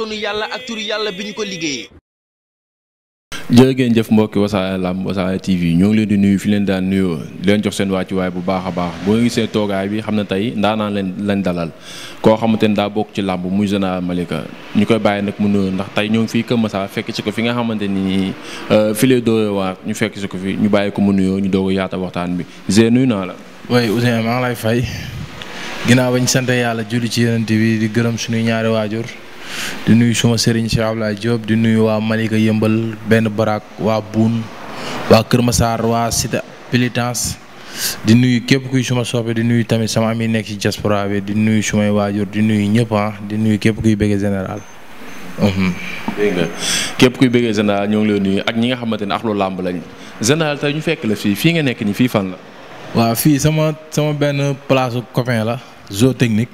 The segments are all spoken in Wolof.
kàttanu yàlla ak turu yàlla bi ko liggéeyee. jërë jëf mbokki wasaare lamb wasaare TV ñoo ngi leen di nuyu fi leen daan nuyoo leen jox seen wàccuwaay bu baax a baax boo gisee toogaay bi xam na tey ndaanaan leen lañ dalal koo xamante ni daa bokk ci làmb muy Général Malika ñu koy bàyyi nag mu nuyoo ndax tey ñoo ngi fii Kër Massar fekk si ko fi nga xamante ni euh, fi lay doore waar ñu fekk si ko fi ñu bàyyi ko mu nuyoo ñu doog a yaata waxtaan bi Zé nuyu naa la. waaye Ousseyn maa ngi lay fay ginnaaw sant yàlla julli ci yonent bi di gërëm suñuy ñaari waajur di nuyu suma sëriñ Cheikh Abdoulaye Diop di nuyu waa Malika yëmbal benn baraak waa Buun waa Kër Massar waa Cité Pilitance di nuyu képp kuy suma soppe di nuyu tamit sama ami nekk ci diaspora bi di nuyu sumay waajur di nuyu ñëpp ah di nuyu képp kuy bëggee général. Mhm. dégg nga képp kuy bëggee général ñoo ngi lay nuyu ak ñi nga xamante ni axlu làmb lañ général tey ñu fekk la fii fii nga nekk nii fii fan la. waaw fii sama sama benn place copain la zoo technique.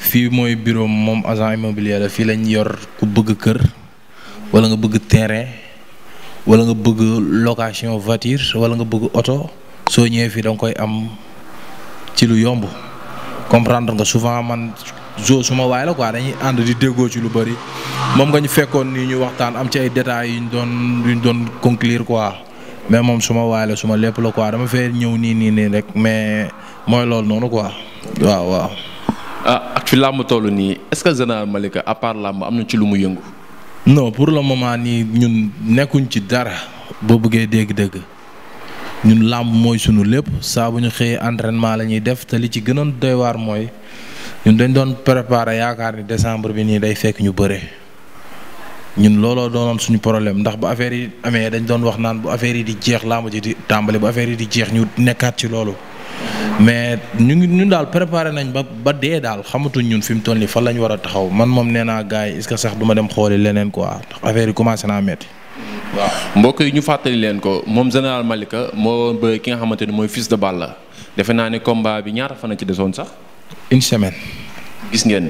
fii mooy bureau moom agent immobilier la fii lañ yor ku bëgg kër wala nga bëgg terrain wala nga bëgg location voiture wala nga bëgg oto soo ñëwee fii danga koy am ci lu yomb comprendre nga souvent man jo suma waay la quoi dañuy ànd di déggoo ci lu bëri moom nga ñu fekkoon nii ñu waxtaan am ci ay détails yu ñu doon yu doon conclure quoi mais moom suma waay la suma lépp la quoi dama fee ñëw nii nii nii rek mais mooy loolu noonu quoi waaw waaw. Ah, fi làmb toll nii est-ce que Général Malika à part làmb am na ci lu mu yëngu. non pour la moment nii ñun nekkuñ ci dara boo bëggee dégg-dégg ñun làmb mooy suñu lépp saa bu ñu xëyee entraînement la ñuy def te li ci gënoon doy waar mooy ñun dañ doon préparer yaakaar ni décembre bi nii day fekk ñu bëree ñun looloo doonoon suñu problème ndax bu affaire yi amee dañ doon wax naan bu affaire yi di jeex làmb ji di tàmbali bu affaire yi di jeex ñu nekkaat ci loolu mais ñu ngi ñun daal préparé nañ ba ba dee daal xamatuñ ñun fi mu toll nii fan la ñu war a taxaw man moom nee naa gars yi est ce que sax du ma dem xooli leneen quoi ndax affaire naa métti. waaw mbokk yi ñu fàttali leen ko moom général Malika moo bëre ki nga xamante ni mooy fils de la defe naa ne combat bi ñaata fan a ci desoon sax. une semaine. gis ngeen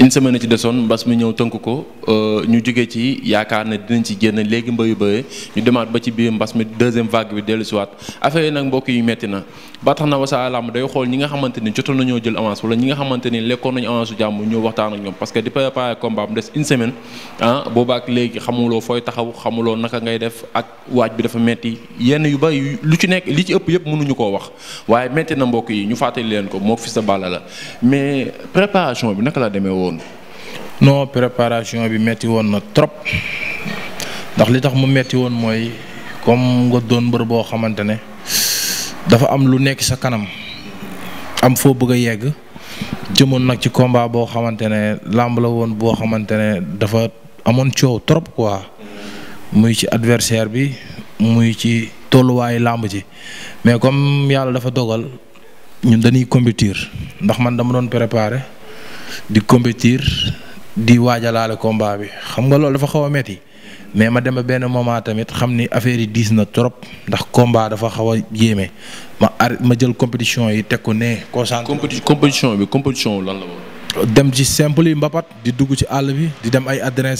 une semaine ci desoon mbas mi ñëw tënk ko euh, ñu jóge ci yaakaar ne dinañ ci génn léegi yu bëye ñu demaat ba ci biir mbas mi deuxième vague bi dellu siwaat affaire yi nag mbokk yi metti na ba tax na Wassare Lamb day xool ñi nga xamante joto jotoon nañoo jël avance wala ñi nga xamante ni lekkoon nañu avance su jàmm ñëw waxtaan ak ñoom parce que di préparer combat mu des une semaine ah boobaak léegi xamuloo fooy taxaw xamuloo naka ngay def ak waaj bi dafa metti yenn yu bëri lu ci nekk li ci ëpp yëpp mënuñu koo wax waaye metti na mbokk yi ñu fàttali leen ko moo fi sa bàll la préparation bi naka la demee woon. préparation bi metti woon trop ndax li tax mu metti woon mooy comme nga doon mbër boo xamante ne dafa am lu nekk sa kanam am foo bëgg a yegg jëmoon nag ci combat boo xamante ne làmb la woon boo xamante ne dafa amoon coow trop quoi muy ci adversaire bi muy ci tolluwaayu làmb ji mais comme yàlla dafa dogal ñun dañuy compétir ndax man dama doon préparer. di compétir di waajalaale combat bi xam nga loolu dafa xaw a metti mais ma dem benn moment tamit xam ni affaire yi diis na trop ndax combat dafa xaw a yéeme ma ar ma jël compétition yi teg ko ne. concentré compétition bi compétition lan la dem ci simple yi mbapat di dugg ci àll bi di dem ay Adrien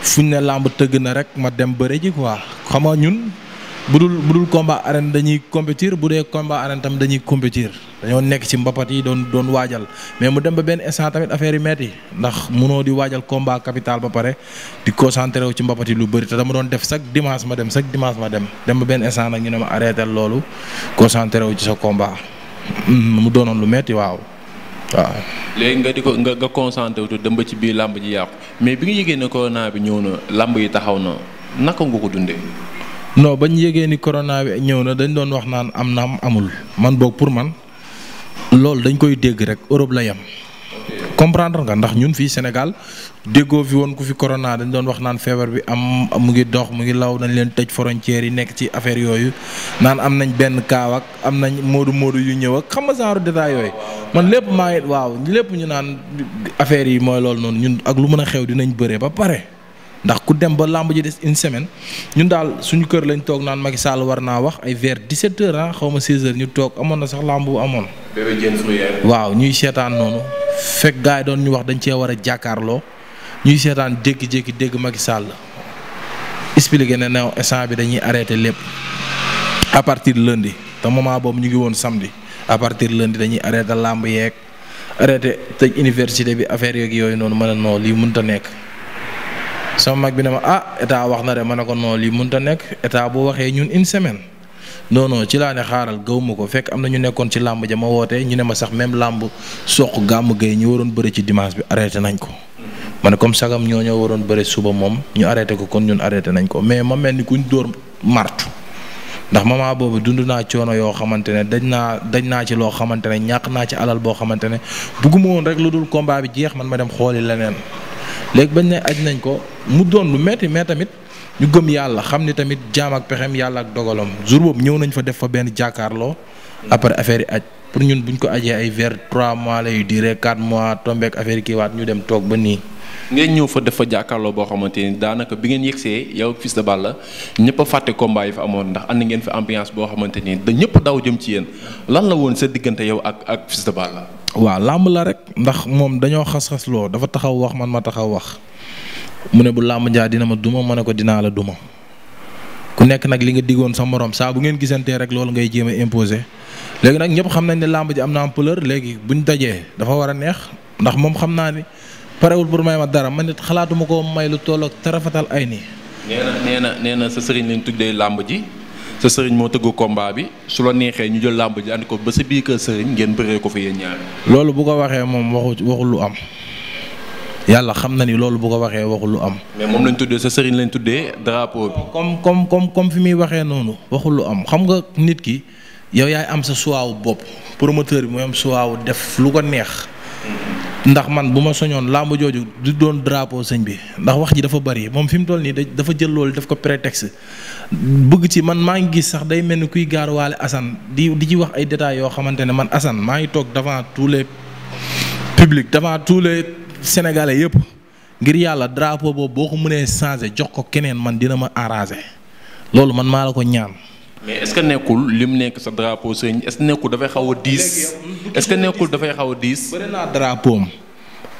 fu ñu ne làmb tëgg na rek ma dem bëre ji quoi xam nga ñun bu dul bu dul combat arène dañuy compétir bu dee combat arène tam dañuy compétir. dañoo nekk ci mbapat yi doon doon waajal mais mu dem ba benn instant tamit affaire yi metti ndax munoo di waajal combat capital ba pare di concentré wu ci mbapat yi lu bëri te dama doon def chaque dimanche ma dem chaque dimanche ma dem dem ba benn instant na ñu ne ma arrêté loolu concentré wu ci sa combat mm-hmm, mu doonoon lu metti waaw. waaw léegi nga di ko nga nga concentré wu dem ba ci biir làmb ji yàqu mais bi nga yëgee ne corona bi ñëw na làmb yi taxaw na naka nga ko dundee. non bañ yëgee ni corona bi ñëw na dañ doon wax naan am na am amul man boog pour man. loolu dañ koy dégg rek Europe la yem. comprendre nga ndax ñun fii Sénégal déggoo fi woon ku fi corona dañ doon wax naan feebar bi am mu ngi dox mu ngi law dañ leen tëj frontières yi nekk ci affaire yooyu naan am nañ benn kaaw ak am nañ moodu moodu yu ñëw ak xam nga genre yooyu man lépp maa ngi waaw lépp ñu naan affaire yi mooy loolu noonu ñun ak lu mën a xew dinañ bëree ba pare. ndax ku dem ba làmb ji des une semaine ñun daal suñu kër lañ toog naan Macky Sall war naa wax ay vers 17 heures ah xaw ma 16 ñu toog amoon na sax làmb bu amoon. waaw ñuy seetaan noonu fekk gars doon ñu wax dañ cee war a jàkkaarloo ñuy seetaan jékki-jékki dégg Macky Sall expliqué ne new instant bi dañuy arrêté lépp à partir lundi te moment boobu ñu ngi woon samedi à partir lundi dañuy arrêté làmb yeeg arrêté tëj université bi affaire yeeg yooyu noonu mën a noo lii mënta nekk. sama mag bi ne ma ah état wax na de ma ne ko non lii mënut a nekk état boo waxee ñun une semaine non non ci xaaral gaw ko fekk am na ñu nekkoon ci làmb ja ma woote ñu ne ma sax même làmb soq gàmm gay ñu waroon bëri ci dimanche bi arrêté nañ ko. ma ne comme sagam ñoo ñoo waroon bëri suba moom ñu arrêté ko kon ñun arrêté nañ ko mais ma mel ni kuñ dóor martu ndax moment boobu dund naa coono yoo xamante ne dañ naa dañ naa ci loo xamante ne ñàkk naa ci alal boo xamante ne bugguma woon rek lu dul combat bi jeex man ma dem xooli leneen. léegi bañ ne aj nañ ko mu doon lu metti mais tamit ñu gëm yàlla xam ni tamit jaam ak pexem yàlla ak dogalam jour boobu ñëw nañ fa def fa benn jàkkaarloo. après affaire yi aj pour ñun buñ ko ajee ay vers trois mois lay duré quatre mois tombeek affaire kii ñu dem toog ba nii. ngeen ñëw fa def fa jàkkaarloo boo xamante ni daanaka bi ngeen yegsee yow Fils de Balla ñëpp a fàtte combat yi fa amoon ndax ànd ngeen fi ambiance boo xamante ni dañ ñëpp daw jëm ci yéen lan la woon sa diggante yow ak ak Fils waaw làmb la rek ndax moom dañoo xas-xasloo dafa taxaw wax man ma taxaw wax mu ne bu làmb jaa dina ma duma ma ne ko dinaa la duma ku nekk nag li nga diggoon sa morom saa bu ngeen gisantee rek loolu ngay jéem a imposer léegi nag ñëpp xam nañ ne làmb ji am na ampleur léegi bu ñu dajee dafa war a neex ndax moom xam naa ni parewul pour may ma dara man nit xalaatuma ko may lu tolloog tarafatal ay nii. nee na nee na nee na sa sëriñ lañ làmb ji. sa sëriñ moo tëgg kombaa bi su la neexee ñu jël làmb ji andi ko ba sa biir kër sëriñ ngeen bëree ko fi yéen ñaar. loolu bu ko waxee moom waxu waxul lu am yàlla xam na ni loolu bu ko waxee waxul lu am. mais moom lañ tuddee sa sëriñ lañ tuddee drapeau bi. comme comme comme fi muy waxee noonu waxul lu am xam nga nit ki yow yaay am sa suwaawu bopp promoteur bi mooy am suwaawu def lu ko neex. ndax man bu ma soñoon làmb jooju du doon drapeau sëñ bi ndax wax ji dafa bari moom fi mu toll nii dafa jël loolu daf ko prétexte bëgg ci man maa ngi gis sax day mel ni kuy gaaruwaale Assane di di ci wax ay détails yoo xamante ne man Assane maa ngi toog devant tous les publics devant tous les sénégalais yëpp ngir yàlla drapeau boobu boo ko mënee changé jox ko keneen man dina ma arrangé loolu man maa la ko ñaan. mais est ce que nekkul lim nekk sa drapeau sëñ est ce nekkul dafay xaw a diis. est ce que nekkul dafay xaw a diis. bëri naa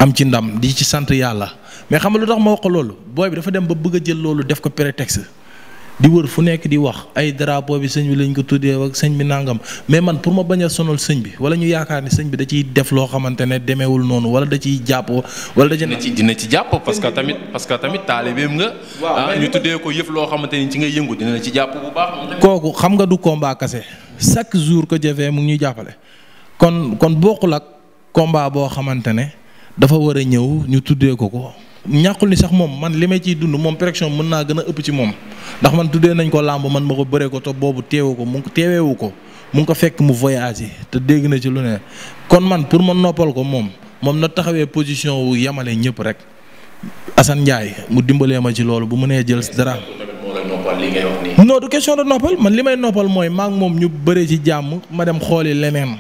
am ci ndam di ci sant yàlla mais xam nga lu tax ma wax ko loolu booy bi dafa dem ba bëgg a jël loolu def ko prétexte. di wër fu nekk di wax ay drapeau bi sëñ bi lañ ko tuddee ak sëñ bi nangam mais man pour ma bañ a sonal sëñ bi wala ñu yaakaar ni sëñ bi da ciy def loo xamante ne demeewul noonu wala da ciy jàppoo wala da ci dina ci jàpp parce que tamit parce que tamit taalibeem nga ah, ñu tuddee ko yëf loo xamante ni ci nga yëngu dina ci jàpp kooku xam nga du combat kase chaque jour que jëfee mu ngi ñuy jàppale kon kon bokkul ak combat boo xamante ne dafa war a ñëw ñu tuddee ko ko ñàkkul ni sax moom man li may ciy dund moom pression mën naa gën a ëpp ci moom ndax man tuddee nañ ko làmb man ma ko bare ko te boobu teewu ko mu ko mu ngi ko fekk mu voyage te dégg na ci lu ne kon man pour ma noppal ko moom moom na taxawee position wu yemale ñëpp rek Assane Ndiaye mu dimbalee ma ci loolu bu mënee jël dara. non du question de noppal man li may noppal mooy maa moom ñu bëree ci jàmm ma dem xooli leneen.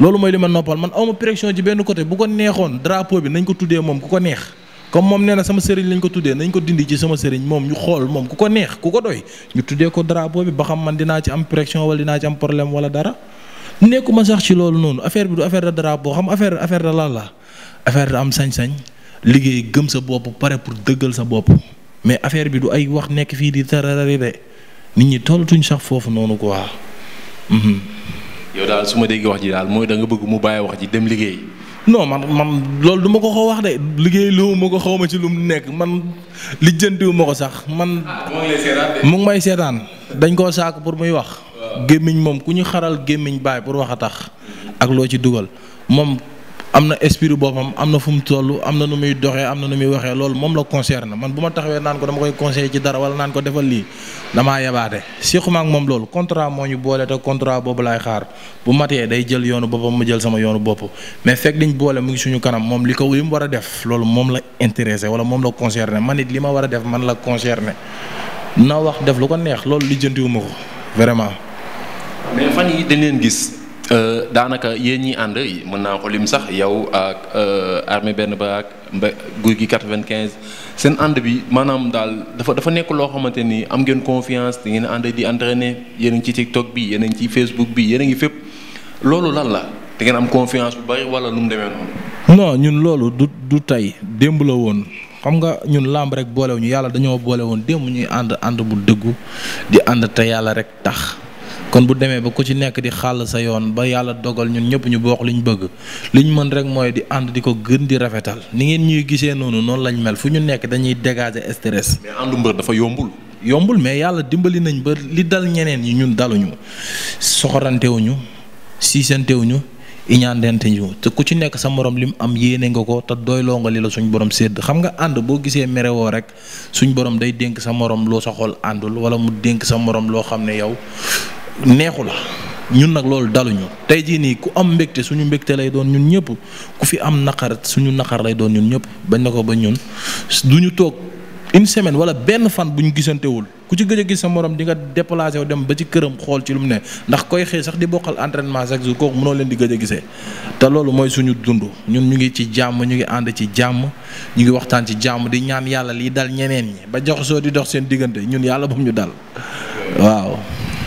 loolu mooy li ma noppal man awma pression ci benn côté bu ko neexoon drapeau bi nañ ko tuddee moom ku ko neex. comme moom nee na sama sëriñ lañ ko tuddee nañ ko dindi ci sama sëriñ moom ñu xool moom ku ko neex ku ko doy ñu tuddee ko drapeau bi ba xam man dinaa ci am pression wal dinaa ci am problème wala dara nekkuma sax ci loolu noonu affaire bi du affaire de drapeau xam affaire affaire de lan la affaire de am sañ-sañ liggéey gëm sa bopp pare pour dëggal sa bopp mais affaire bi du ay wax nekk fii di tararari de nit ñi tollatuñ sax foofu noonu ko quoi. Mhm. yow daal su ma déggee wax ji daal mooy da nga bëgg mu bàyyi wax ji dem liggéey. non man man loolu duma ko ko wax de liggéey lu ma ko xaw ma ci lu mu nekk man lijjantiwu ma ko sax man. mu ngi may seetaan dañ koo saako pour muy wax. gémmiñ moom ku ñu xaral gémmiñ baay pour wax a tax. ak loo ci dugal moom am na esprit boppam am na fu mu toll am na nu muy doxee am na nu muy waxee loolu moom la concerne man bu ma taxawee naan ko dama koy conseiller ci dara wala naan ko defal lii damaa yabaate sequma ak moom loolu contrat moo ñu boole te contrat boobu laay xaar bu matee day jël yoonu boppam ma jël sama yoonu bopp mais fekk diñ boole mu ngi suñu kanam moom li ko li mu war a def loolu moom la intéressé wala moom la concerné man it li ma war a def man la concerné na wax def lu ko neex loolu lijjantiwuma ko vraiment. mais fan gis. Euh, daanaka yéen ñi ànd mën naa ko lim sax yow ak euh, armée benn ba ak mba guy gi 95 seen ànd bi maanaam daal dafa dafa nekk loo xamante ni am ngeen confiance da ngeen ànd di entraîner yéen ngi ci TikTok bi yéen a ngi ci Facebook bi yéen a ngi fépp loolu lan la da ngeen am confiance bu bari wala nu mu demee noonu. ñun loolu du du tey démb la woon. xam nga ñun làmb rek boolewuñu yàlla dañoo boole woon démb ñuy ànd ànd bu dëggu di ànd te yàlla rek tax kon bu demee ba ku ci nekk di xàll sa yoon ba yàlla dogal ñun ñëpp ñu bokk li ñu bëgg lu ñu mën rek mooy di ànd di ko gën di rafetal ni ngeen ñuy gisee noonu noonu lañ mel fu ñu nekk dañuy dégager stress. mais àndu mbër dafa yombul. yombul mais yàlla dimbali nañ ba li dal ñeneen yi ñun daluñu soxorantewuñu siisantewuñu iñaandente ñu te ku ci nekk sa morom li mu am yéene nga ko te doyloo nga li la suñ borom sédd xam nga ànd boo gisee merewoo rek suñ borom day dénk sa morom loo sa xol àndul wala mu dénk sa morom loo xam ne yow neexu la ñun nag loolu daluñu tey jii nii ku am mbégte suñu mbégte lay doon ñun ñëpp ku fi am naqar suñu naqar lay doon ñun ñëpp bañ na ko ba ñun du ñu toog une semaine wala benn fan bu ñu gisantewul ku ci gëj a gis sa moroom di nga déplacé wu dem ba ci këram xool ci lu mu ne ndax koy xëy sax di bokkal entraînement chaque jour kooku mënoo leen di gëj a gisee te loolu mooy suñu dund ñun ñu ngi ci jàmm ñu ngi ànd ci jàmm ñu ngi waxtaan ci jàmm di ñaan yàlla lii dal ñeneen ñi ba jox soo di dox seen diggante ñun yàlla bu ñu dal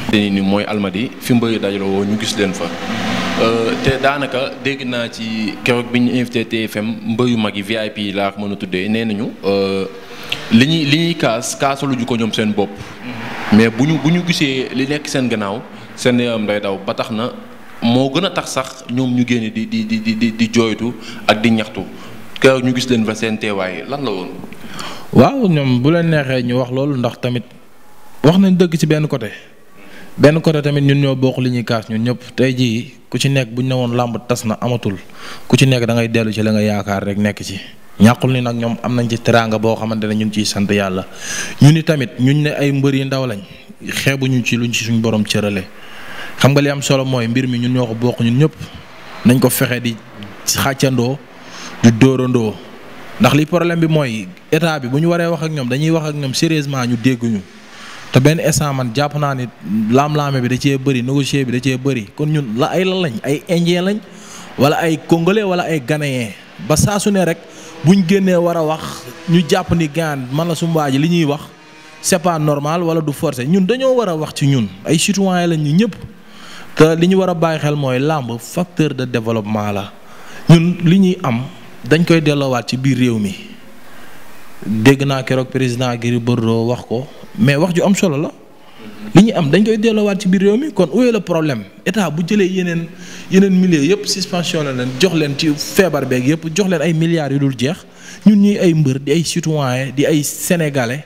te nii mooy almadi fi mbër yi dajaloo ñu gis leen fa. Euh, te daanaka dégg naa ci keroog bi ñu invité TFM mbër yu mag yi VIP yi laa mën a tuddee nee nañu euh, li ñuy li ñuy kaas kaasalu ju ko ñoom seen bopp. mais bu ñu gisee li nekk seen gannaaw seen yaram day daw ba tax na moo gën a tax sax ñoom ñu génne di di di di di jooytu ak di ñaxtu keroog ñu gis leen fa seen teewaay lan la woon. waaw ñoom bu leen neexee ñu wax loolu ndax tamit wax nañ dëgg ci benn côté. benn côté tamit ñun ñoo bokk li ñuy kaas ñun ñëpp tey jii ku ci nekk bu ñu ne woon làmb tas na amatul ku ci nekk da ngay dellu ci la nga yaakaar rek nekk ci ñàkkul ni nag ñoom am nañ ci teraanga boo xamante ne ñu ngi ciy sant yàlla ñu ni tamit ñu ne ay mbër yu ndaw lañ xeebuñu ci luñ ci suñ borom cërale xam nga li am solo mooy mbir mi ñun ñoo ko bokk ñun ñëpp nañ ko fexe di xàccandoo di dóorandoo ndax li problème bi mooy état bi bu ñu waree wax ak ñoom dañuy wax ak ñoom sérieusement ñu dégguñu te benn instant man jàpp naa ni laam-laame bi da cee bëri négocier bi da cee bëri kon ñun la ay lan lañ ay indien lañ wala ay congolais wala ay ghanéen ba saa su ne rek buñ génnee war a wax ñu jàpp ni gaan man la sumbaa li ñuy wax c'est pas normal wala du forcé ñun dañoo war a wax ci ñun ay citoyen lañ ñu ñëpp te li ñu war a bàyyi xel mooy làmb facteur de développement la ñun li ñuy am dañ koy delloowaat ci biir réew mi dégg naa keroog président Gris Bordeaux wax ko mais wax ju am solo la. li ñu am dañ koy delloowaat ci biir réew mi kon où est le problème bu jëlee yeneen yeneen milliers yëpp suspension la leen jox leen ci feebar beeg yëpp jox leen ay milliards yu dul jeex ñun ñuy ay mbër di ay citoyen di ay sénégalais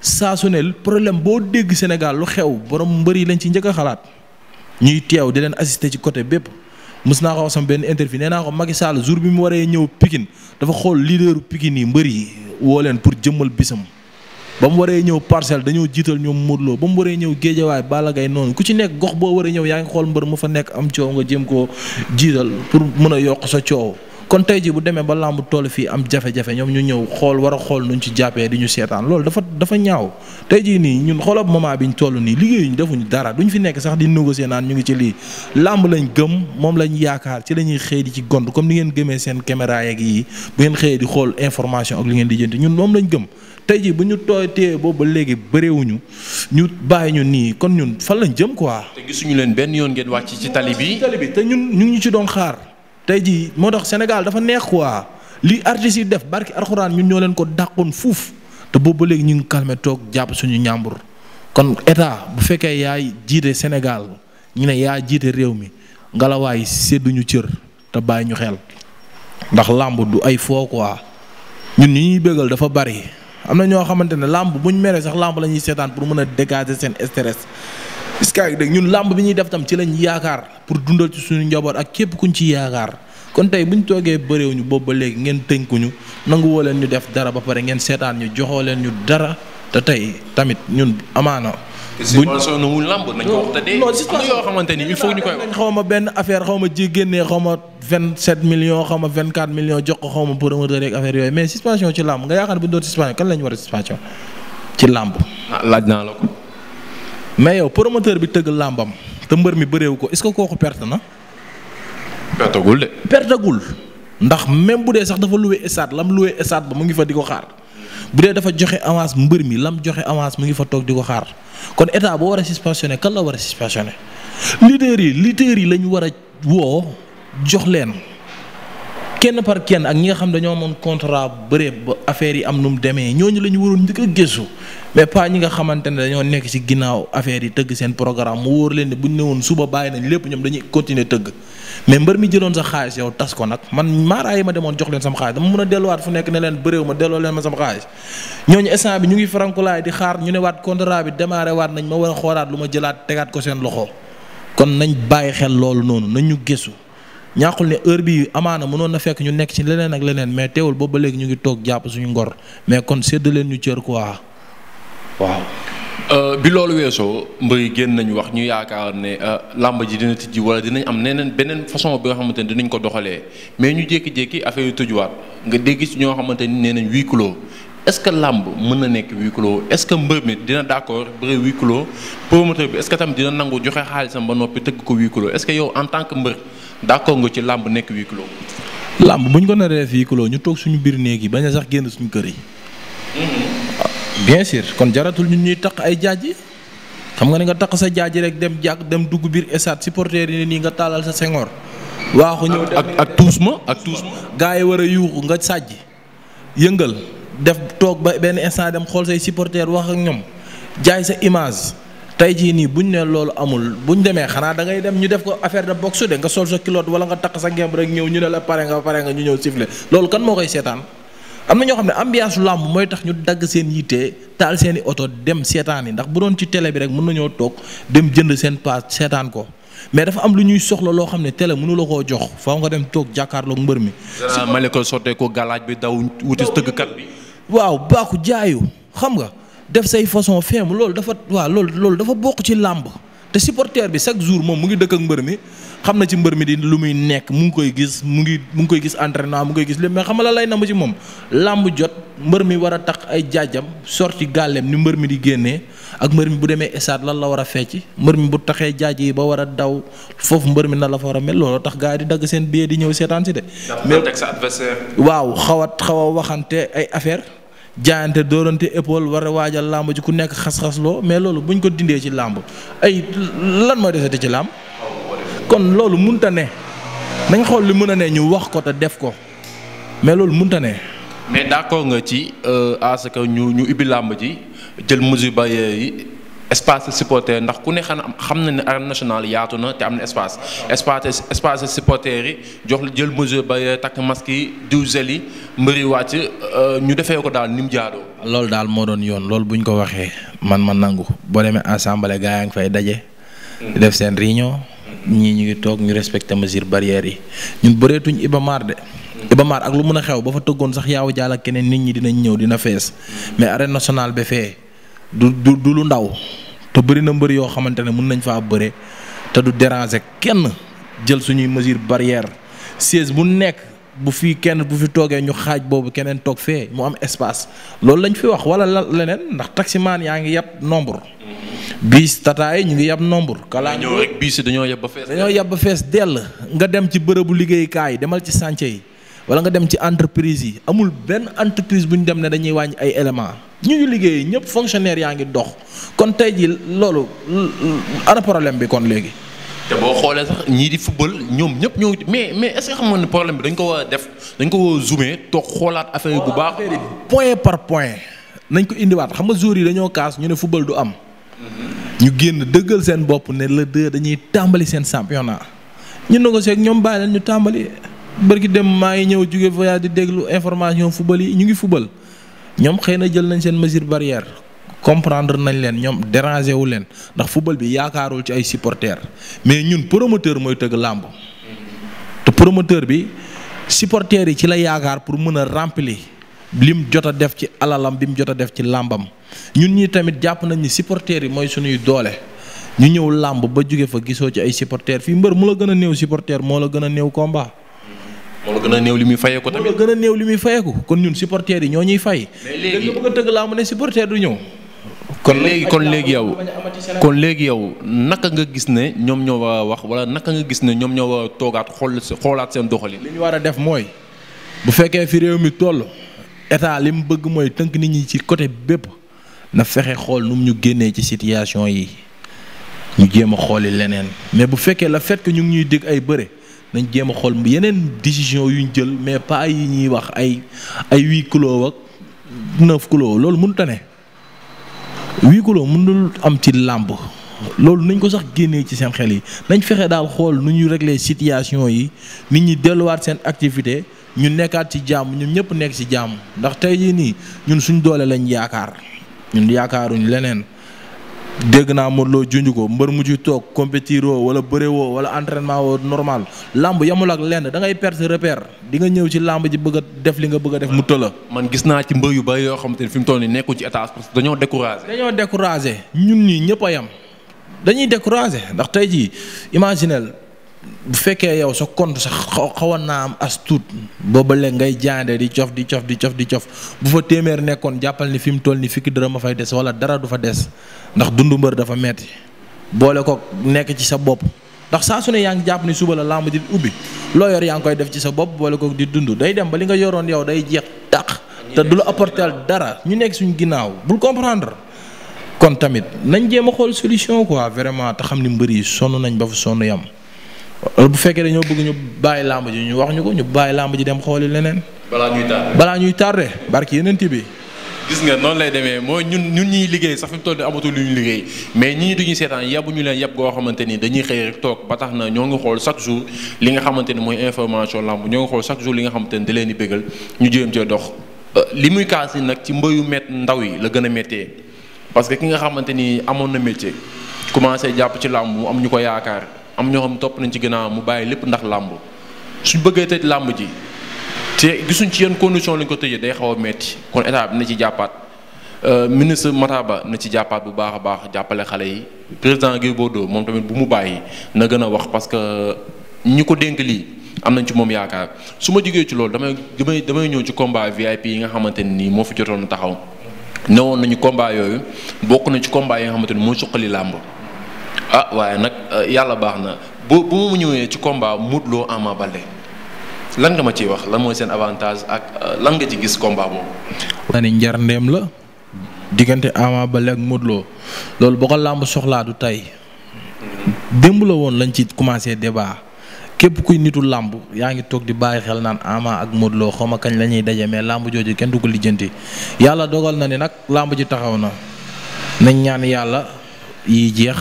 saa su ne problème boo dégg Sénégal lu xew borom mbër yi lañ ci njëkk a xalaat ñuy teew di leen assister ci côté bépp. mus naa ko wax sama benn interview nee naa ko Macky Sall jour bi mu waree ñëw Pikine dafa xool leaderu Pikine mbër yi woo pour jëmmal bisam. ba mu waree ñëw parcelle dañoo jiital ñoom Modou Lo ba mu waree ñëw géejawaay Balla Gaye noonu ku ci nekk gox boo waree ñëw yaa ngi xool mbër mu fa nekk am coow nga jéem ko jiital pour mën a yokk sa coow kon tey ji bu demee ba làmb toll fii am jafe-jafe ñu ñëw xool war a xool nuñ ci jàppee di ñu seetaan loolu dafa dafa ñaaw tey jii nii ñun xoolal moment biñ toll nii liggéeyuñ defuñu dara duñ fi nekk sax di négocier naan ñu ngi ci lii làmb lañ gëm moom lañ yaakaar ci la ñuy xëy di ci gont comme ni ngeen gëmee seen caméra yeeg yi bu ngeen xëyee di xool information ak li ngeen di jënti ñun moom lañ gëm tey jii bu ñu tooy téye boobu ba léegi bëreewuñu ñu bàyyi ñu nii kon ñun fan lañ jëm quoi. te gisuñu leen benn yoon ngeen wàcc ci tali bi tali bi te ñun ñu ngi ñu ci doon xaar tey jii moo tax Sénégal dafa neex quoi li artistes yi def barki alxuraan ñun ñoo leen ko dàqoon fuuf te boobu ba léegi ñu ngi calmé toog jàpp suñu ñàmbur kon état bu fekkee yaay jiite Sénégal ñu ne yaa jiite réew mi ngelawaay sédduñu cër te bàyyi ñu xel ndax làmb du ay foo quoi ñun ñi ñuy bégal dafa bari am na ñoo xamante ne làmb ñu meree sax làmb la ñuy seetaan pour mën a dégager seen stress. iska dégg ñun làmb bi ñuy def tam ci lañ yaakaar pour dundal ci suñu njaboot ak képp ku ñu ci yaakaar kon tey bu ñu toogee bëreewuñu boobu ba léegi ngeen tënkuñu nanguwoo leen ñu def dara ba pare ngeen seetaan ñu joxoo leen ñu dara te tey tamit ñun amaana. subventionné wu làmb nañ ko wax te dee. non xaw ma benn affaire xaw ma ji génnee xaw ma vingt sept millions xaw ma vingt quatre millions jox ko xaw ma promoteur yeeg affaire yooyu mais suspension ci làmb nga yaakaar ne bu ñu doon ci làmb. Ah, laaj naa la ko. mais yow promoteur bi tëgg làmbam te mbër mi bëreewu ko est-ce kooku perte na. pertagul de. pertagul ndax même bu dee sax dafa loué stade lam loué stade ba mu ngi fa di ko xaar. bu dee dafa joxe avance mbër mi lam joxe avance mu ngi fa toog di ko xaar kon état boo war a suspensionné kan la war a suspensionné leader yi leader yi lañu war a woo jox leen. kenn par kenn ak ñi nga xam dañoo amoon contrat bëree ba affaire yi am nu mu demee ñooñu la ñu waroon njëkk a gëstu mais pas ñi nga xamante ne dañoo nekk ci ginnaaw affaire yi tëgg seen programme mu wóor leen ne bu ñu ne woon suba bàyyi nañ lépp ñoom dañuy continuer tëgg mais mbër mi jëloon sa xaalis yow tas ko nag man maaraay yi ma demoon jox leen sama xaalis dama mën a delluwaat fu nekk ne leen bëréew ma delloo leen ma sama xaalis ñooñu instant bi ñu ngi farankulaay di xaar ñu ne waat contrat bi démarré waat nañ ma war a xoolaat lu ma jëlaat tegaat ko seen kon nañ bàyyi xel loolu noonu nañu gëstu ñàkkul ne heure bi amaana mënoon na fekk ñu nekk ci leneen ak leneen mais teewul boobu ba léegi ñu ngi toog jàpp suñu ngor mais kon sédd leen ñu cër quoi waaw. Euh, bi loolu weesoo mbëri génn nañu wax ñu yaakaar ne euh, làmb ji dina tijji wala dinañ am neneen beneen façon bi nga xamante ne dinañ ko doxalee mais ñu jékki-jékki affaire yu nga dégg ci ñoo xamante ni nee nañ huis clos est-ce que làmb mën na nekk huis clos est-ce que mbër mi dina d'accord bëri huis clos promoteur bi est-ce que tamit dina nangu joxe xaalisam ba noppi tëgg ko huis clos est-ce que yow en tant que mbër d'accord nga ci làmb nekk huis kilo làmb bu ñu ko naree def huis clos ñu toog suñu biir néeg yi bañ a sax génn suñu kër yi. Mm-hmm. bien sûr kon jaratul ñu ñuy taq ay jaaji xam nga ni nga taq sa jaaji rek dem jàkk dem dugg biir esaat supporter yi nii nga taalal sa sengoor. waaxu ñëw ak ak tuus ma ak tuus yi war a yuuxu nga sàjj yëngal. def toog ba benn instant dem xool say supporters wax ak ñoom jaay sa image tey jii nii bu ñu nee loolu amul bu ñu demee xanaa da ngay dem ñu def ko affaire de boxe de nga sol sa culotte wala nga takk sa ngemb rek ñëw ñu ne la pare nga pare nga ñëw siffler loolu kan moo koy seetaan am na ñoo xam ne ambiance làmb mooy tax ñu dagg seen yitte taal seeni oto dem seetaan yi ndax bu doon ci télé bi rek mën nañoo toog dem jënd seen paas seetaan ko mais dafa lu ñuy soxla loo xam ne télé mënu koo jox faaw nga dem toog jàkkaarloog mbër mi. male ko sottee ko galaaj bi daw wuti tëggkat bi. waaw baaku jaayu xam nga def say façon feem loolu dafa waaw loolu loolu dafa bokk ci làmb te supporter bi chaque jour moom mu ngi dëkk ak mbër mi xam na ci mbër mi di lu muy nekk mu ngi koy gis mu ngi mu ngi koy gis entraînement mu ngi koy gis lépp mais xam la lay na ma ci moom làmb jot mbër mi war a tax ay jaajam sorti gàllem ni mbër mi di génnee ak mbër mi bu demee estade lan la war a fecc mbër mi bu taxee jaaj yi ba war a daw foofu mbër mi na la fa war a mel looloo tax gars yi di dagg seen billet di ñëw seetaan si de. mais sa waaw xaw a xaw a waxante ay affaire jaayante dóorante épaule war a waajal làmb ji ku nekk xas-xas loo mais loolu bu buñ ko dindee ci làmb ay lan mooy desati ci làmb. kon loolu mun ta ne nañ xool li mën a ne ñu wax ko te def ko mais loolu mun ta ne. mais d'accord nga ci euh, à ce ñu ñu ubbi làmb ji. jël mesure barrière yi espace supporter ndax ku ne xanaa xam na ne arène national yaatu na te am na espace espace espace supporter yi jox jël mesure barrière takk masque yi diw gel yi mbëri wàcc euh, ñu defee ko daal ni mu jaadoo. loolu daal moo doon yoon lool bu ñu ko waxee man ma nangu boo demee assemblée gaa yaa ngi fay daje. Mm. def seen réunion. ñii ñu ngi toog ñu respecté mesure barrière yi ñu bëreetuñ Ibamar de. Mm. Ibamar ak lu mën a xew ba fa tëggoon sax yaaw jaal keneen nit ñi dinañ ñëw dina fees mm. mais arène nationale ba fee. du du du lu ndaw te bëri na mbër yoo xamante ne mën nañ faa bëre te du déranger kenn jël suñuy mesure barrière siège bu nekk bu fi kenn bu fi toogee ñu xaaj boobu keneen toog fee mu am espace loolu lañ fi wax wala la leneen ndax taximaan yaa ngi yàpp nombre. biis tataay ñu ngi yàpp nombre. kala dañoo yàpp fees. dañoo yàpp ba fees dell nga dem ci bërëbu liggéeyukaay demal ci sance yi. wala nga dem ci entreprise yi amul benn entreprise bu ñu dem ne dañuy wàññ ay éléments ñu ñu liggéey ñëpp fonctionnaire yaa ngi dox kon tey jii loolu ana problème bi kon léegi. te boo xoolee sax ñii di football ñoom ñëpp ñoo mais mais est xam nga ne problème bi dañ ko war a def dañ ko war a xoolaat affaire yi bu par point nañ ko indiwaat xam nga jour yi dañoo kaas ñu ne football du am. Mm-hmm. ñu génn dëggal seen bopp ne la deux dañuy tàmbali seen championnat ñu négocier ak ñoom bàyyi leen ñu tàmbali. bërki dem maa ngi ñëw jóge voyage di déglu information football yi ñu ngi football ñoom xëy na jël nañ seen mesure barrière comprendre nañ leen ñoom déranger wu leen ndax football bi yaakaarul ci ay supporters mais ñun promoteur mooy tëgg làmb te promoteur bi supporters yi ci la yaakaar pour mën a remplir lim jot a def ci alalam bi mu jot a def ci làmbam ñun ñi tamit jàpp nañ ni supporters yi mooy suñuy doole ñu ñëw làmb ba jóge fa gisoo ci ay supporters fii mbër mu la gën a néew supporter moo la gën a néew moo gën a néew li muy fayeeku tamit moo gën a néew li muy fayeeku kon ñun supporters yi ñoo ñuy fay. mais léegi nga bëgg tëgg laa mu ne supporter du ñëw. kon léegi kon léegi yow kon léegi yow naka nga gis ne ñoom ñoo wax wala naka nga gis ne ñoom ñoo war a toogaat xool xoolaat seen doxalin. li ñu war a def mooy bu fekkee fi réew mi toll état li mu bëgg mooy tënk nit ñi ci côté bépp na fexe xool nu mu ñu génnee ci situation yi ñu jéem a xooli leneen mais bu fekkee la fait ñu ngi ñuy dégg ay bëre. nañ jéem a xool yeneen décision yu ñu jël mais pas yi ñuy wax ay ay huit kilos ak neuf kilos loolu mënut a ne huit kilos mënul am ci làmb loolu nañ ko sax génnee ci seen xel yi nañ fexe daal xool nu ñuy régler situation yi nit ñi delluwaat seen activité ñu nekkaat ci jàmm ñun ñëpp nekk ci jàmm ndax tey nii ñun suñ doole lañ yaakaar ñun yaakaaruñ leneen. dégg naa Modou loo junj ko mbër mu ci toog compétir woo wala bëre woo wala entraînement woo normal làmb yamul ak lenn dangay ngay perte repère di nga ñëw ci làmb ji bëgg def li nga bëgg def mu tëla man gis naa ci mbër yu bëri yoo xamante ni fi mu toll nii nekku ci état parce que dañoo découragé. dañoo découragé ñun ñii ñëpp a yem dañuy découragé ndax tey jii imaginel bu fekkee yow sa compte sax xawoon naa am as tuut booba ngay jaande di cof di cof di cof di cof bu fa téeméer nekkoon jàppal ni fi mu toll ni fikk dërëm a fay des wala dara du fa des ndax dundu mbër dafa metti boole ko nekk ci sa bopp ndax saa su ne yaa ngi jàpp ni suba la làmb di ubbi loo yor yaa ngi koy def ci sa bopp boole kook di dund day dem ba li nga yoroon yow day jeex tàq te du la apporter dara ñu nekk suñu ginnaaw bul comprendre kon tamit nañ jéem a xool solution quoi vraiment te xam ni mbër yi sonn nañ ba fa yam Euh, bu fekkee dañoo bëgg ñu bàyyi làmb ji ñu wax ñu ko ñu bàyyi làmb ji dem xooli leneen. balaa ñuy tardé balaa ñuy tardé barki yeneen ti bi. gis nga noonu lay demee mooy ñun ñun ñuy liggéey sax fi mu amatul lu ñu liggéey mais ñi duñu seetaan yàbbu ñu leen yàb goo xamante ni dañuy xëy rek toog ba ñoo ngi xool chaque jour li nga xamante ni mooy information làmb ñoo ngi xool chaque jour li nga xamante ni leen di ñu jéem cee euh, li muy kaas ni nag ci mbëyu mét ndaw yi la gën a méttee parce que ki nga xamante ni amoon na métier commencé jàpp ci làmb mu am ñu ko yaakaar am ñoo xam topp nañ ci ginnaaw mu bàyyi lépp ndax làmb suñ bëggee tëj làmb ji te gisuñ ci yenn condition lañ ko tëjee day xaw a metti kon état bi na ci jàppaat euh, ministre Mataba na ci jàppaat bu baax a baax jàppale xale yi président Guèye Bodo moom tamit bu mu bàyyi na gën a wax parce que ñi ko dénk lii am nañ ci moom yaakaar su ma jugee ci loolu damay damay damay ñëw ci combat VIP yi nga xamante ne nii moo fi jotoon taxaw newoon nañu combat yooyu bokk na ci combat yi nga xamante ni moo suqali ah waaye nag eh, yàlla baax na bu bu mu ñëwee ci combat mutloo Lo bale lan nga ma ciy wax lan mooy seen avantage ak eh, lan nga ci gis combat boobu. na ni la diggante Ama Baldé ak Modou loolu boo ko làmb soxlaa du tey démb la woon lañ ci commencé débat képp kuy nitu làmb yaa ngi toog di bàyyi xel naan Ama ak Modou Lo xaw ma kañ la ñuy daje mais làmb jooju kenn du ko lijjanti yàlla dogal na ni nag làmb ji taxaw na nañ ñaan yàlla. yi jeex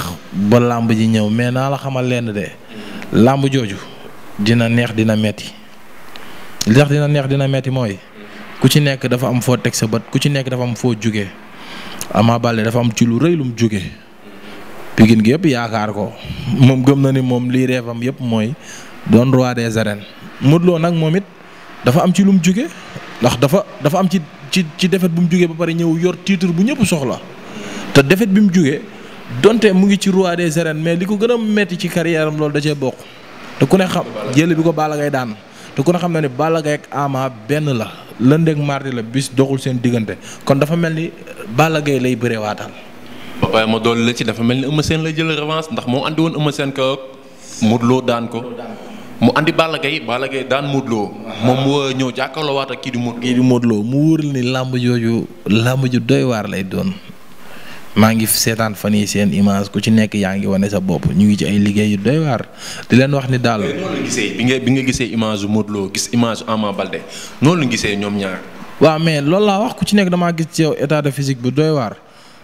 ba làmb ji ñëw mais naa la xamal lenn de làmb jooju dina neex dina metti li dina neex dina metti mooy ku ci nekk dafa am foo teg sa bët ku ci nekk dafa am foo jóge Ama Baldé dafa am ci lu rëy lum jóge Pikine gi yëpp yaakaar ko moom gëm na ni moom lii reefam yëpp mooy don roi des arènes Modou nag moom it dafa am ci lum jóge ndax dafa dafa am ci ci ci defet bu mu jugee ba pare ñëw yor titre bu ñëpp soxla te defet bi mu jugee donte mu ngi ci roi des arènes mais li ko gën a metti ci carrière loolu da cee bokk te ku ne xam jël bi ko Balla Gaye daan te ku ne xam na ne Balla Gaye ak benn la lundi ak mardi la bis doxul seen diggante kon dafa mel ni Balla lay bëree waataan. ma dool la ci dafa mel ni Eumeu Sène lay jël revanche ndax moo andi woon Eumeu Sène ko Modou daan ko. mu andi Balla Gaye Balla Gaye daan Modou moom mu ñëw jàkkaarloo waat ak kii di Modou Lo. kii di mu wóorul ni làmb jooju làmb ju doy waar lay doon. maa ngi seetaan fan yi seen image ku ci nekk yaa ngi wane sa bopp ñu ngi ci ay liggéey yu doy waar di leen wax ni daal. noonu bi nga gisee image su Modou Lo gis image su Ama Balde noonu la gisee ñoom ñaar. waaw mais loolu laa wax ku ci nekk damaa gis ci état de physique bu doy waar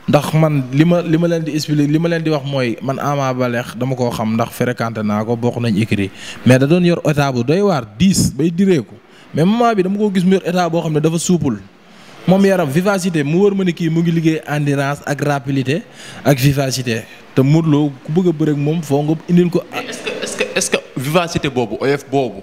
ndax man li ma li ma leen di expliquer li ma leen di wax mooy man Ama Balde dama koo xam ndax fréquenté naa ko bokk nañ écrit mais da doon yor état bu doy waar diis bay direeku mais moment bi dama koo gis mu yor état boo xam ne dafa suupul. moom yaram vivacité mu wër ma ne kii mu ngi liggéey endurance ak rapidité ak vivacité te Modou Lo ku bëgg a bëre moom foo nga indil ko. est que est-ce que vivacité boobu oyof boobu.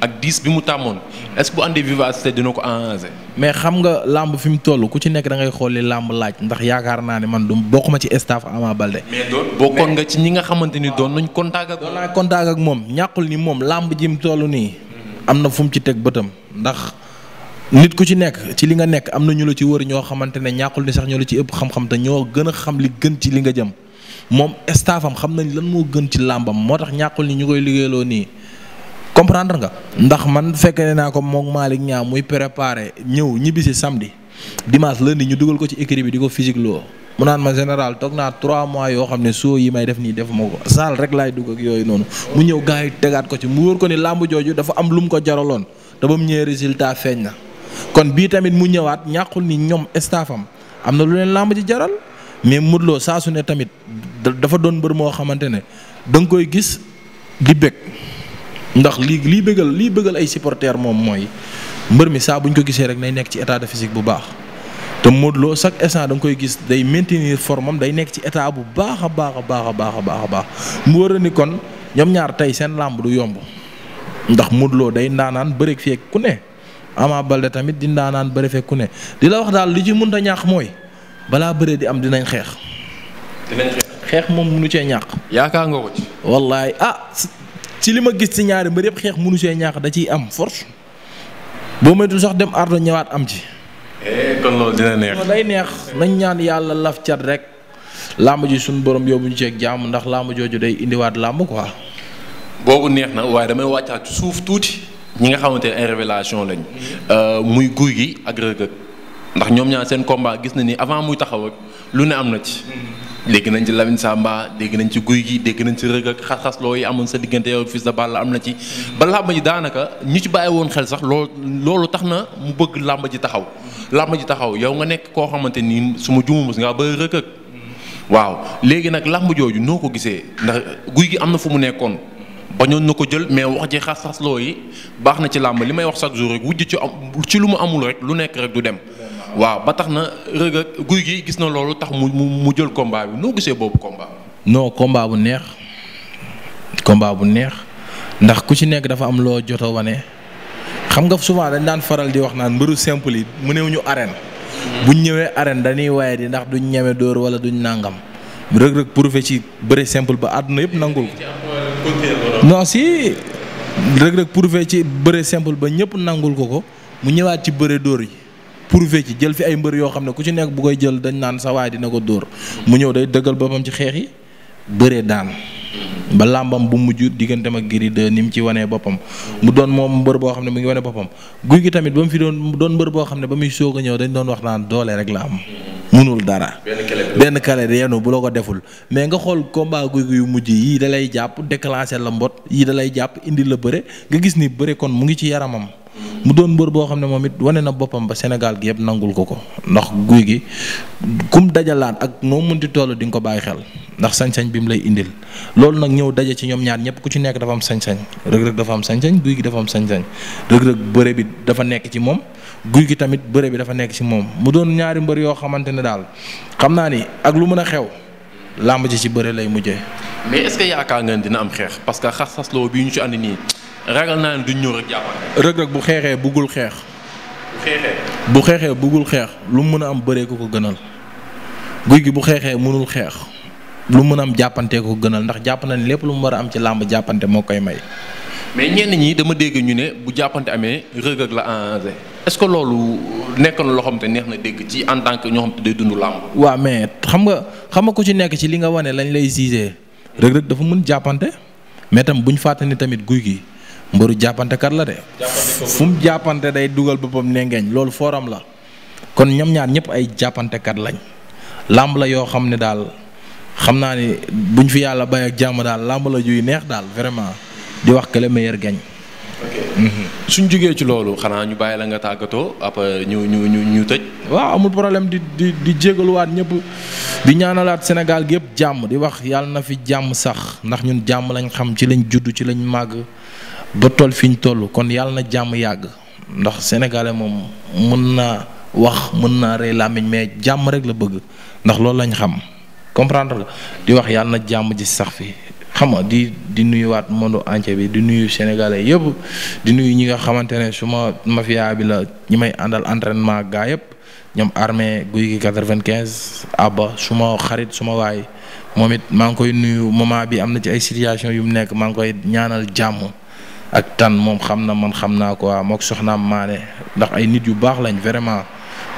ak diis bi mu tàmmoon. est-ce que bu àndee vivacité dina ko enranger. mais xam nga làmb fi mu toll ku ci nekk da ngay xooli làmb laaj ndax yaakaar naa ne man du bokk ma ci staff Ama Baldé. mais doon nga ci ñi nga xamante ni doon nañ contact ak. doon ak moom ñàkkul ni moom làmb ji mu toll nii. am na fu mu ci teg bëtam ndax. nit ku ci nekk ci li nga nekk am na ñu la ci wër ñoo xamante ne ñàkkul ni sax ñoo la ci ëpp xam-xam te ñoo gën a xam li gën ci li nga jëm moom staffam xam nañ lan moo gën ci làmbam moo tax ñàkkul ni ñu koy liggéeyloo nii comprendre nga. ndax man fekkee naa ko moom Malick Niang muy préparé ñëw ñibbisi samedi dimanche lundi ñu dugal ko ci écurie bi di ko physique loo mu naan ma général toog naa trois mois yoo xam ne soo yi may def nii def ma ko saal rek laay dugg ak yooyu noonu mu ñëw gars yi tegaat ko ci mu ko ni làmb jooju dafa am lu mu ko jaraloon te ba mu résultat feeñ na. kon bii tamit mu ñëwaat ñàqul ni ñoom staffam am na lu leen làmb ji jaral mais Modou Lo saa su ne tamit dafa doon mbër moo xamante ne da nga koy gis di bëgg ndax lii lii bëggal lii bëggal ay supporters moom mooy mbër mi saa bu ñu ko gisee rek nay nekk ci état de physique bu baax. te Modou Lo chaque instant da nga koy gis day maintenir formam day nekk ci état bu baax a baax a baax a baax a baax a baax mu war a ni kon ñoom ñaar tey seen làmb du yomb ndax Modou day ndaanaan bëreeg fii ku ne. Ama Baldé tamit di ndaanaan bëri fekku ne di la wax daal li ci mënut a ñàkk mooy balaa bëree di am dinañ xeex. xeex moom munu cee ñàkk. yaakaar nga ko ci. wallaay ah ci li ma gis ci ñaari mbër yëpp xeex munu cee ñàkk da ciy am force boo moytuwul sax dem ardo ñawaat am ci. Eh, kon loolu dina neex. day neex nañ ñaan yàlla laf cat rek làmb ji suñu borom yóbbuñu ceeg jàmm ndax làmb jooju day indiwaat làmb quoi. boobu neex na waaye damay wàccaat suuf tuuti. ñi nga xamante ne ay révélation lañ euh, muy guy gi ak rëgg ndax ñoom ñaa seen combat gis na ni avant muy taxaw ak lu ne am na ci. dégg nañ ci Lamine Samba dégg nañ ci guy gi dégg nañ ci rëgg xas-xas yi amoon sa diggante yow Fils de am na ci ba làmb daanaka ñu ci bàyyi woon xel sax loolu loolu tax na mu bëgg làmb ji taxaw làmb ji taxaw yow nga nekk koo xamante nii su ma juumu mos ngaa bëri rëgg waaw léegi nag làmb jooju noo ko gisee ndax guy gi am na fu mu nekkoon. bañoon na ko jël mais wax ji xas-xas loo yi baax na ci làmb li may wax chaque jour rek wujj ci am ci lu mu amul rek lu nekk rek du dem. waaw ba tax na rëgg guy gi gis na loolu tax mu mu jël combat bi noo gisee boobu komba non combat bu neex combat bu neex ndax ku ci nekk dafa am loo jot wane xam nga souvent dañ daan faral di wax naan mbëru simple yi mu néew ñu arène. buñ ñëwee arène dañuy waaye di ndax duñ ñeme dóor wala duñ nàngam rëg-rëg prouvé ci bëre simple ba àdduna yëpp nangul non si Reug Reug prouvé ci bëre simple ba ñëpp nangul ko ko mu ñëwaat ci bëre dóor yi prouvé ci jël fi ay mbër yoo xam ne ku ci nekk bu koy jël dañ naan sa waay dina ko dóor mu ñëw day dëggal boppam ci xeex yi bëree daan ba làmbam bu mujj digganteem ak Gris 2 ni mu ci wanee boppam mu doon moom mbër boo xam ne mu ngi wane boppam guy gi tamit ba mu fi doon doon mbër boo xam ne ba muy soog a ñëw dañ doon wax naan doole rek la am mënul dara. benn kale bi yenu bu la ko deful. mais nga xool combat guy yu mujj yii da lay jàpp déclenché la mbot yii da lay jàpp indi la bëre nga gis ni bëre kon mu ngi ci yaramam. mu doon mbër boo xam ne moom it wane na boppam ba Sénégal gi yëpp nangul ko ko ndax guy gi kum dajalaat ak noo munti toll di nga ko bàyyi xel ndax sañ bi mu lay indil loolu nag ñëw daje ci ñoom ñaar ñëpp ku ci nekk dafa am sañ-sañ rëg-rëg dafa am sañ-sañ guy gi dafa am sañ-sañ rëg dafa nekk ci moom. guy gi tamit bëre bi dafa nekk ci moom mu doon ñaari mbër yoo xamante ne daal xam naa ni ak lu mën a xew làmb ji ci bëre lay mujje mais est-ce que yaakaar ngeen dina am xeex parce que xas-xasloo bii ñu ci ànd nii ragal naa ne duñ ñëw rek jàppante. bu xeexee buggul xeex. bu xeexee bu xeexee xeex lu mu mën a am bëree ko ko gënal guy gi bu xeexee mënul xeex lu mën a am jàppante ko gënal ndax jàpp na ni lépp lu mu war a am ci làmb jàppante moo koy may. mais ñenn ñi dama dégg ñu ne bu jàppante amee rëg la enragé. est-ce loolu nekk na loo xam te neex na dégg ci en tant que ñoo xam te day dund làmb. waa mais xam nga xam nga ku ci nekk ci li nga wane lañ lay gisee. Reug Reug dafa mën jàppante mais bu ñu fàttali tamit guy gi mbëru jàppantekat la de. fu jàppante day dugal boppam nengeeñ loolu foram la. kon ñoom ñaar ñëpp ay jàppantekat lañ. làmb la yoo xam ne daal xam naa ni buñ fi yàlla bay ak jàmm daal làmb la juy neex daal vraiment di wax que le meilleur Mhm. suñ jógee ci loolu xanaa ñu bàyyi la nga tàggatoo après ñu ñu ñu ñu tëj. waaw amul problème di di di jégaluwaat ñëpp di ñaanalaat Sénégal gi yëpp jàmm di wax yàlla na fi jàmm sax ndax ñun jàmm lañ xam ci lañ juddu ci lañ màgg ba tool fi ñu toll kon yàlla na jàmm yàgg ndax sénégalais moom mën naa wax mën naa rey làmmiñ mais jàmm rek la bëgg ndax loolu lañ xam comprendre la di wax yàlla na jàmm ji sax fii xam nga di di nuyuwaat monde entier bi di nuyu sénégalais yëpp di nuyu ñi nga xamante ne su ma mafia bi la ñi may àndal entraînement gaa yëpp ñoom armée guy gi quatre-vingt-quinze abba su ma xarit su ma waay moom it maa ngi koy nuyu moment bi am na ci ay situation yu mu nekk maa ngi koy ñaanal jàmm ak tan moom xam na man xam naa ko waa mook soxnaam maane ndax ay nit yu baax lañ vraiment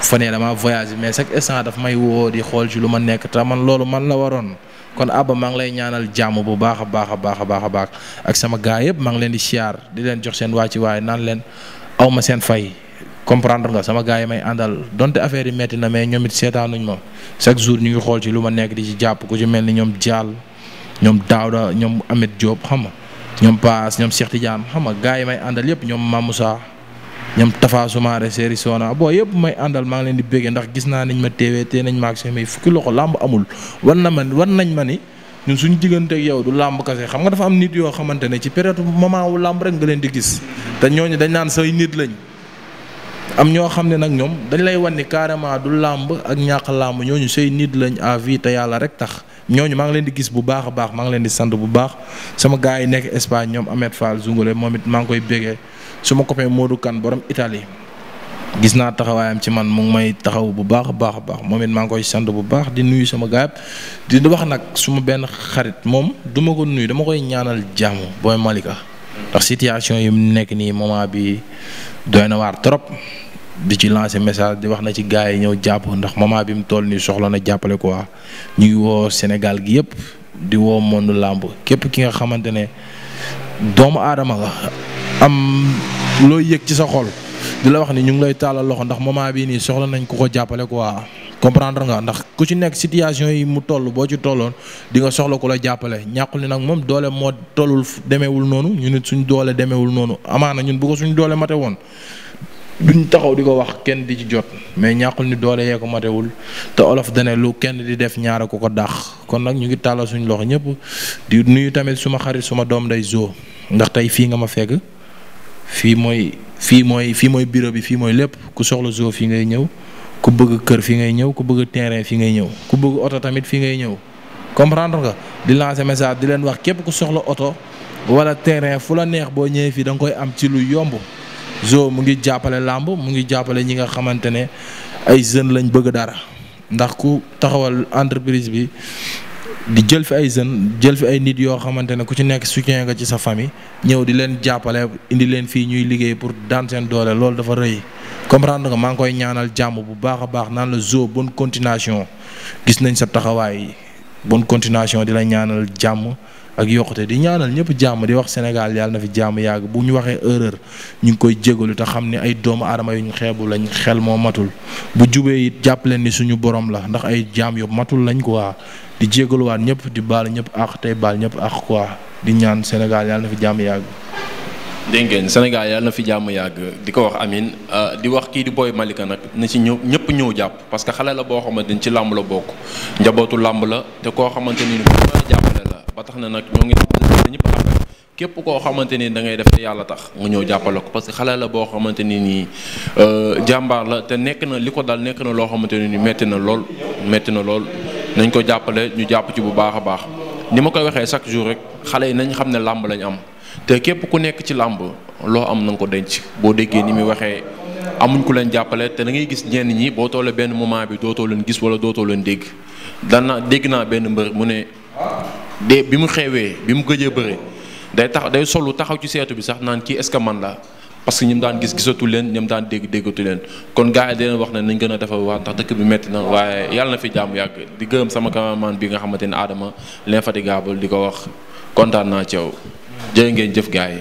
fa ne dama voyage mais chaque instant dafa may woo di xool ci lu ma nekk te man loolu man la waroon kon Abba maa ngi lay ñaanal jàmm bu baax a baax a baax a baax a baax ak sama gars yëpp maa ngi leen di siyaar di leen jox seen wàcci waaye naan leen aw ma seen fay comprendre nga sama gars yi may àndal donte affaire yi metti na mais ñoom it seetaanuñ ma chaque jour ñu ngi xool ci lu ma nekk di ci jàpp ku ci mel ni ñoom Diall ñoom Daouda ñoom Ameth Diop xam nga ñoom Paas ñoom Cheikh Tidiane xam nga gars yi may àndal yëpp ñoom Mamoussa ñoom Tafa Soumaré Seri Sona boo yëpp may àndal maa ngi leen di béggee ndax gis naa niñ ma teewee tee nañ ma ak samay fukki loxo làmb amul war na ma war nañ ma ni ñun suñu diggante ak yow du làmb kase xam nga dafa am nit yoo xamante ne ci période moment wu làmb rek nga leen di gis te ñooñu dañ naan say nit lañ am ñoo xam ne nag ñoom dañ lay wan ni carrément du làmb ak ñàkk làmb ñooñu say nit lañ à te yàlla rek tax ñooñu maa ngi leen di gis bu baax a baax maa ngi leen di sant bu baax sama gars yi nekk Espagne ñoom Ahmed Fall Zoungale moom it maa ngi koy bégee suma copain Modou kan borom Italie gis naa taxawaayam ci man mu ngi may taxaw bu baax a baax a baax moom it maa ngi koy sant bu baax di nuyu sama gaayab di wax nag suma benn xarit moom du ma ko nuyu dama koy ñaanal jàmm booy Malika. ndax situation yi nekk nii moment bi doy na waar trop di ci lancer message di wax na ci gars yi ñëw jàpp ndax moment bi mu toll nii soxla na jàppale quoi ñu ngi woo Sénégal gi yëpp di woo monde làmb képp ki nga xamante ne doomu aadama nga am looy yëg ci sa xol di la wax ni ñu ngi lay tàllal loxo ndax moment bi nii soxla nañ ku ko jàppale quoi comprendre nga ndax ku ci nekk situation yi mu toll boo ci tolloon di nga soxla ku la jàppale ñàkkul ni nag moom doole moo tollul demeewul noonu ñu nit suñ doole demeewul noonu amaana ñun bu ko doole mate woon duñ taxaw di ko wax kenn di ci jot mais ñàkkul ni doole yee ko matewul te olof dane lu kenn di def ñaara ko ko dàq kon nag ñu ngi tàllal suñu loxo ñëpp di nuyu tamit suma xarit suma doom day zoo ndax tey fii nga ma fekk fii mooy fii mooy fii mooy bureau bi fii mooy lépp ku soxla zoo fii ngay ñëw ku bëgg kër fii ngay ñëw ku bëgg terrain fii ngay ñëw ku bëgg oto tamit fii ngay ñëw comprendre nga di lancer message di leen wax képp ku soxla oto wala terrain fu la neex boo ñëwee fii da nga koy am ci lu yomb zo mu ngi jàppale làmb mu ngi jàppale ñi nga xamante ne ay jeunes lañ bëgg dara ndax ku taxawal entreprise bi di jël fi ay jeunes jël fi ay nit yoo xamante ne ku ci nekk soutien nga ci sa famille ñëw di leen jàppale indi leen fii ñuy liggéey pour daan seen doole loolu dafa rëy comprendre ko maa ngi koy ñaanal jàmm bu baax a baax naan la zo bon continuation gis nañ sa taxawaay bonne continuation di la ñaanal jàmm ak yokkute di ñaanal ñëpp jàmm di wax Sénégal yàlla na fi jàmm yàgg bu ñu waxee erreur ñu ngi koy jégalu te xam ne ay doomu adama yu ñu xeebu lañ xel moo matul bu jubee it jàpp leen ni suñu boroom la ndax ay jàmm yu matul lañ quoi di jégaluwaat ñëpp di baal ñëpp ak tey baal ñëpp ak quoi di ñaan Sénégal yàlla na fi jàmm yàgg. dégg ngeen Sénégal yàlla na fi jàmm yàgg di ko wax amin ah, di wax kii di booy Malika nag na ci ñëw ñëpp ñëw jàpp parce que xale la boo xamante ni ci làmb la bokk njabootu làmb la te koo xamante ni ba tax na nag ñoo ngi lancé ñëpp appel képp koo xamante ni da ngay def te yàlla tax nga ñëw jàppale ko parce que xale la boo xamante ni nii euh, jàmbaar la te nekk na li ko dal nekk na loo xamante ni metti na lool metti na lool nañ ko jàppale ñu jàpp ci bu baax a baax ni ma koy waxee chaque jour rek xale yi nañ xam ne làmb lañ am te képp ku nekk ci làmb loo am na ko denc boo déggee ni muy waxee amuñ ku leen jàppale te da ngay gis ñenn ñi boo toolee benn moment bi dootoo leen gis wala dootoo leen dégg mu ne. de bi mu xeewee bi mu gëjee bëre day tax day solu taxaw ci seetu bi sax naan kii est-ce que man la parce que ñoom daan gis gisatu leen ñoom daan dégg déggatu leen kon gars yi wax ne nañ gën a defar waat ndax dëkk bi métti na waaye yàlla na fi jàmm yàgg di gërëm sama cameraman bi nga xamante ne Adama l'infatigable di ko wax kontaan naa ci yow jërë ngeen jëf gars